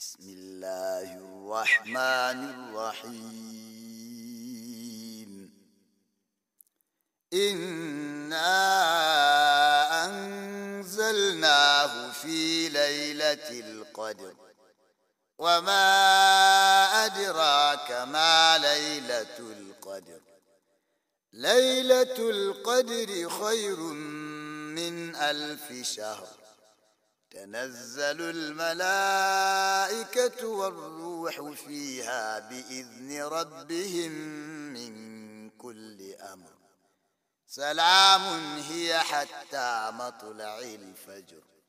بسم الله الرحمن الرحيم إنا أنزلناه في ليلة القدر وما أدراك ما ليلة القدر ليلة القدر خير من ألف شهر تنزل الملائكة الملائكة والروح فيها بإذن ربهم من كل أمر سلام هي حتى مطلع الفجر